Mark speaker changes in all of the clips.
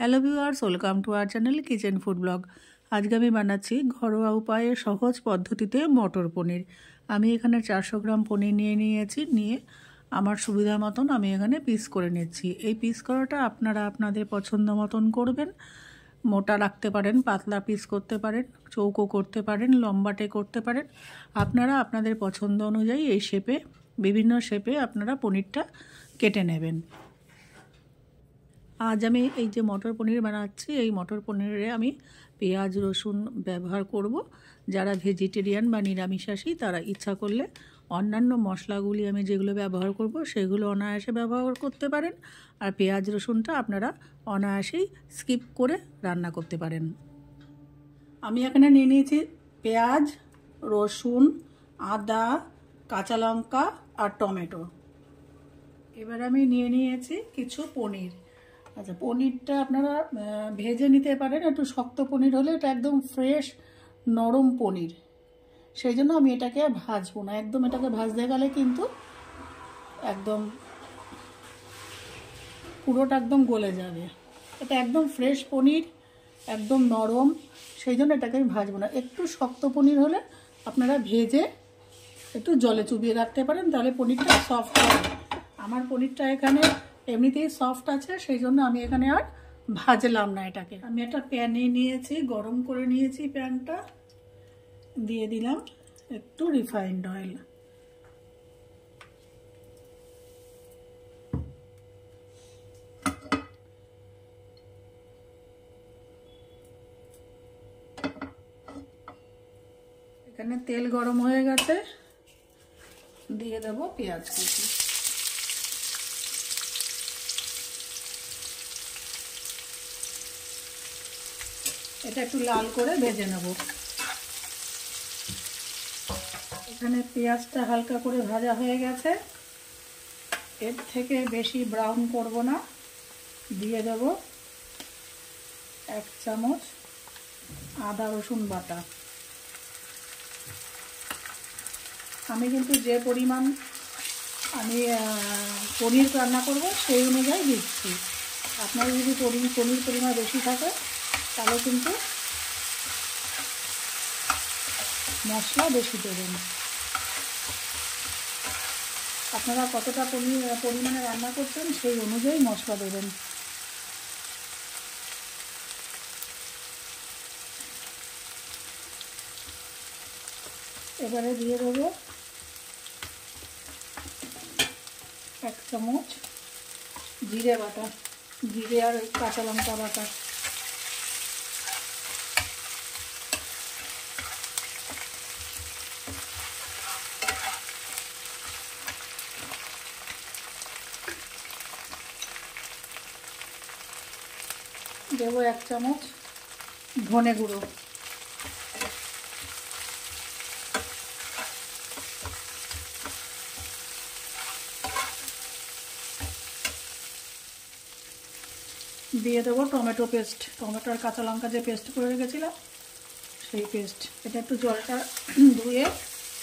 Speaker 1: hello viewers welcome to our channel kitchen food blog আজকে আমি বানাচ্ছি ঘরোয়া উপায়ে সহজ পদ্ধতিতে মটর পনির আমি এখানে চারশো গ্রাম পনির নিয়ে নিয়েছি নিয়ে আমার সুবিধা মতন আমি এখানে পিস করে নিচ্ছি এই পিস করাটা আপনারা আপনাদের পছন্দ মতন করবেন মোটা রাখতে পারেন পাতলা পিস করতে পারেন চৌকো করতে পারেন লম্বাটে করতে পারেন আপনারা আপনাদের পছন্দ অনুযায়ী এই শেপে বিভিন্ন শেপে আপনারা পনিরটা কেটে নেবেন আজ আমি এই যে মটর পনির বানাচ্ছি এই মটর পনিরে আমি পেঁয়াজ রসুন ব্যবহার করব যারা ভেজিটেরিয়ান বা নিরামিষাশী তারা ইচ্ছা করলে অন্যান্য মশলাগুলি আমি যেগুলো ব্যবহার করব সেগুলো অনায়াসে ব্যবহার করতে পারেন আর পেঁয়াজ রসুনটা আপনারা অনায়াসেই স্কিপ করে রান্না করতে পারেন আমি এখানে নিয়ে নিয়েছি পেঁয়াজ রসুন আদা কাঁচা লঙ্কা আর টমেটো এবার আমি নিয়ে নিয়েছি কিছু পনির আচ্ছা পনিরটা আপনারা ভেজে নিতে পারেন একটু শক্ত পনির হলে এটা একদম ফ্রেশ নরম পনির সেই জন্য আমি এটাকে ভাজবো না একদম এটাকে ভাজতে গেলে কিন্তু একদম পুরোটা একদম গলে যাবে এটা একদম ফ্রেশ পনির একদম নরম সেই জন্য এটাকে আমি ভাজবো না একটু শক্ত পনির হলে আপনারা ভেজে একটু জলে চুবিয়ে রাখতে পারেন তাহলে পনিরটা সফট হবে আমার পনিরটা এখানে এমনিতেই সফট আছে সেই জন্য আমি এখানে আর ভাজলাম না এটাকে আমি একটা প্যানে নিয়েছি গরম করে নিয়েছি প্যানটা দিয়ে দিলাম একটু রিফাইন্ড অয়েল এখানে তেল গরম হয়ে গেছে দিয়ে দেবো পেঁয়াজ কুচি এটা একটু লাল করে ভেজে নেব এখানে পেঁয়াজটা হালকা করে ভাজা হয়ে গেছে এর থেকে বেশি ব্রাউন করব না দিয়ে দেব এক চামচ আদা রসুন বাটা আমি কিন্তু যে পরিমাণ আমি পনির রান্না করব সেই অনুযায়ী দিচ্ছি আপনার যদি পনির পনির পরিমাণ বেশি থাকে তাহলে কিন্তু মশলা বেশি দেবেন আপনারা কতটা পরিমাণে রান্না করছেন সেই অনুযায়ী মশলা দেবেন এবারে দিয়ে দেবো এক চামচ জিরে বাটা জিরে আর কাঁচা লঙ্কা বাটা দেব এক চামচ ধনে গুঁড়ো দিয়ে দেবো টমেটো পেস্ট টমেটো আর কাঁচা লঙ্কা যে পেস্ট করে রেখেছিলাম সেই পেস্ট এটা একটু জলটা ধুয়ে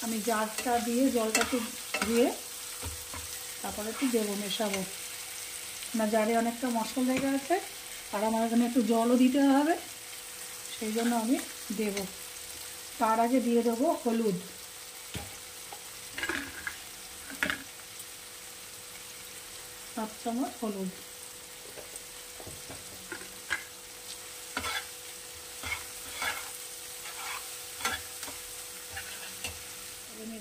Speaker 1: আমি জারটা দিয়ে জলটা একটু ধুয়ে তারপরে একটু দেবো মেশাবো না জারে অনেকটা মশলা লেগে আছে তারা আমার একটু জলও দিতে হবে সেই জন্য আমি দেব তার আগে দিয়ে দেবো হলুদ হাফ চামচ হলুদ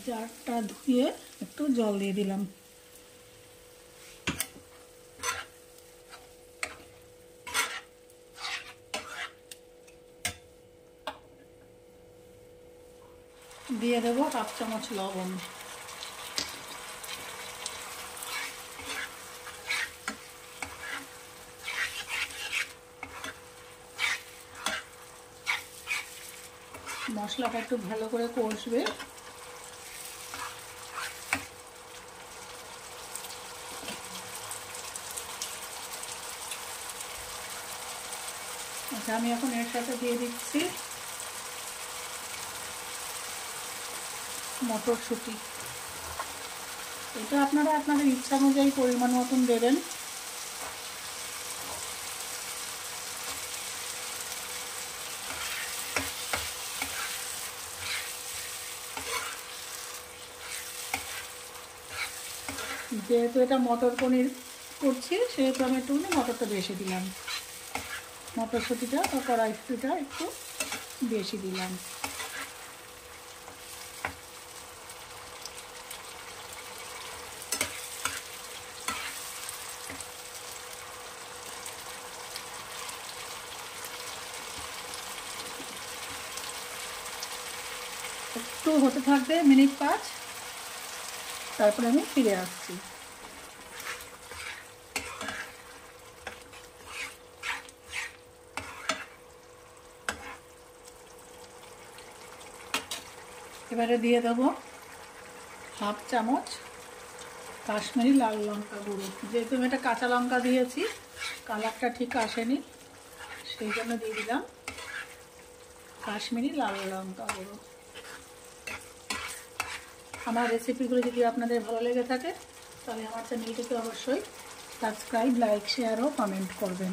Speaker 1: জারটা ধুয়ে একটু জল দিয়ে দিলাম দিয়ে দেব হাফ চামচ লবণ মশলাটা একটু ভালো করে কষবে আচ্ছা আমি এখন এর সাথে দিয়ে দিচ্ছি মটরশুঁটি এটা আপনারা আপনাদের ইচ্ছা অনুযায়ী পরিমাণ মতন দেবেন যেহেতু এটা মটর পনির করছি সেহেতু আমি একটু মটরটা বেশি দিলাম মটরশুঁটিটা বা কড়াইশুটিটা একটু বেশি দিলাম থাকবে মিনিট পাঁচ তারপরে আমি ফিরে আসছি এবারে দিয়ে দেব হাফ চামচ কাশ্মীরি লাল লঙ্কা গুঁড়ো যেহেতু আমি এটা কাঁচা লঙ্কা দিয়েছি কালারটা ঠিক আসেনি সেই জন্য দিয়ে দিলাম কাশ্মীরি লাল লঙ্কা গুঁড়ো আমার রেসিপিগুলো যদি আপনাদের ভালো লেগে থাকে তাহলে আমার চ্যানেলটিকে অবশ্যই সাবস্ক্রাইব লাইক শেয়ার ও কমেন্ট করবেন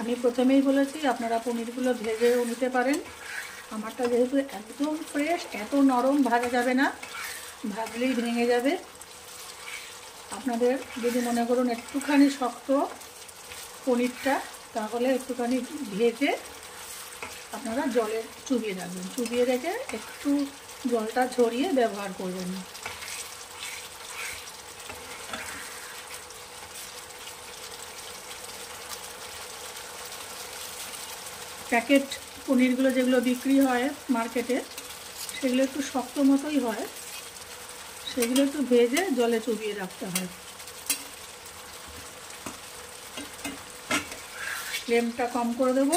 Speaker 1: আমি প্রথমেই বলেছি আপনারা পনিরগুলো ভেজেও নিতে পারেন আমারটা যেহেতু একদম ফ্রেশ এত নরম ভাগা যাবে না ভাগলেই ভেঙে যাবে আপনাদের যদি মনে করুন একটুখানি শক্ত পনিরটা তাহলে একটুখানি ভেজে আপনারা জলে চুবিয়ে রাখবেন চুবিয়ে রেখে একটু জলটা ছড়িয়ে ব্যবহার করবেন প্যাকেট পনিরগুলো যেগুলো বিক্রি হয় মার্কেটে সেগুলো একটু শক্ত মতোই হয় সেগুলো একটু ভেজে জলে চুবিয়ে রাখতে হয় ফ্লেমটা কম করে দেব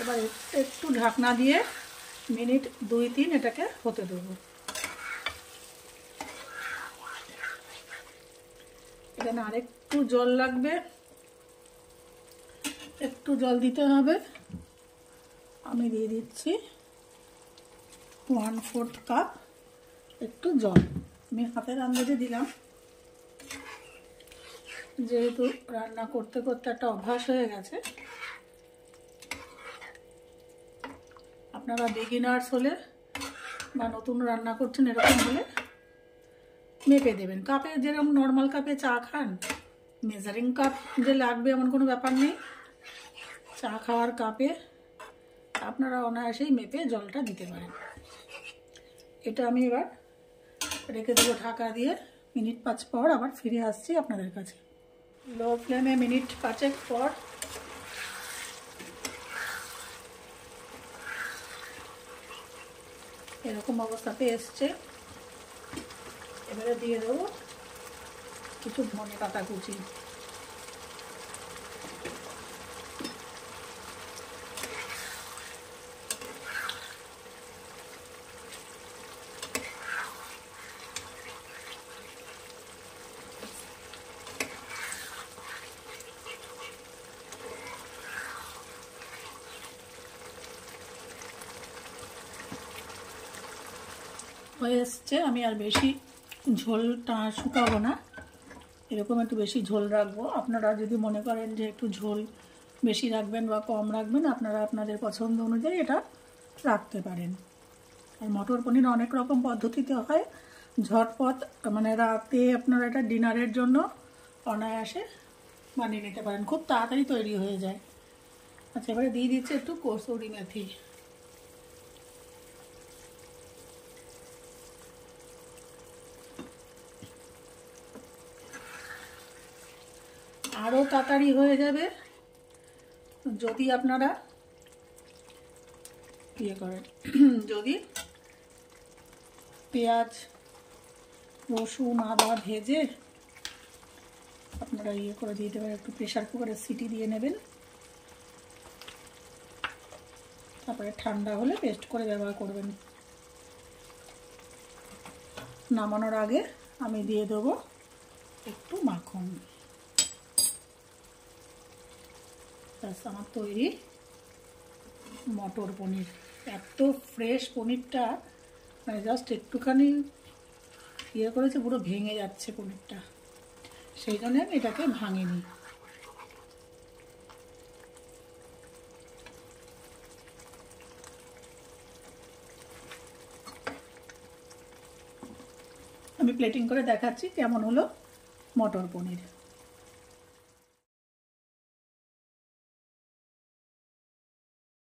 Speaker 1: এবার একটু ঢাকনা দিয়ে মিনিট দুই তিন এটাকে হতে দেব এখানে আরেকটু জল লাগবে একটু জল দিতে হবে আমি দিয়ে দিচ্ছি ওয়ান ফোর্থ কাপ একটু জল আমি হাতের আন্দাজে দিলাম যেহেতু রান্না করতে করতে একটা অভ্যাস হয়ে গেছে আপনারা বিগিনার্স হলে বা নতুন রান্না করছেন এরকম হলে মেপে দেবেন কাপে যেরকম নর্মাল কাপে চা খান মেজারিং কাপ যে লাগবে এমন কোনো ব্যাপার নেই চা খাওয়ার কাপে আপনারা অনায়াসেই মেপে জলটা দিতে পারেন এটা আমি এবার রেখে দেবো ঢাকা দিয়ে মিনিট পাঁচ পর আবার ফিরে আসছি আপনাদের কাছে লো ফ্লেমে মিনিট পাঁচেক পর এরকম অবস্থাতে এসছে এবারে দিয়ে দেবো কিছু ধনে পাতা কুচি হয়ে এসছে আমি আর বেশি ঝোলটা শুকাবো না এরকম একটু বেশি ঝোল রাখবো আপনারা যদি মনে করেন যে একটু ঝোল বেশি রাখবেন বা কম রাখবেন আপনারা আপনাদের পছন্দ অনুযায়ী এটা রাখতে পারেন আর মটর পনির অনেক রকম পদ্ধতিতে হয় ঝটপট মানে রাতে আপনারা এটা ডিনারের জন্য অনায়াসে বানিয়ে নিতে পারেন খুব তাড়াতাড়ি তৈরি হয়ে যায় আচ্ছা এবারে দিয়ে দিচ্ছে একটু কসৌরি মেথি আরও তাড়াতাড়ি হয়ে যাবে যদি আপনারা ইয়ে করেন যদি পেঁয়াজ রসুন আদা ভেজে আপনারা ইয়ে করে দিতে পারেন একটু প্রেশার কুকারে সিটি দিয়ে নেবেন তারপরে ঠান্ডা হলে পেস্ট করে ব্যবহার করবেন নামানোর আগে আমি দিয়ে দেবো একটু মাখন ব্যাস আমার তৈরি মটর পনির এত ফ্রেশ পনিরটা মানে জাস্ট একটুখানি ইয়ে করেছে পুরো ভেঙে যাচ্ছে পনিরটা সেই জন্য আমি এটাকে ভাঙিনি আমি প্লেটিং করে দেখাচ্ছি কেমন হলো মটর পনির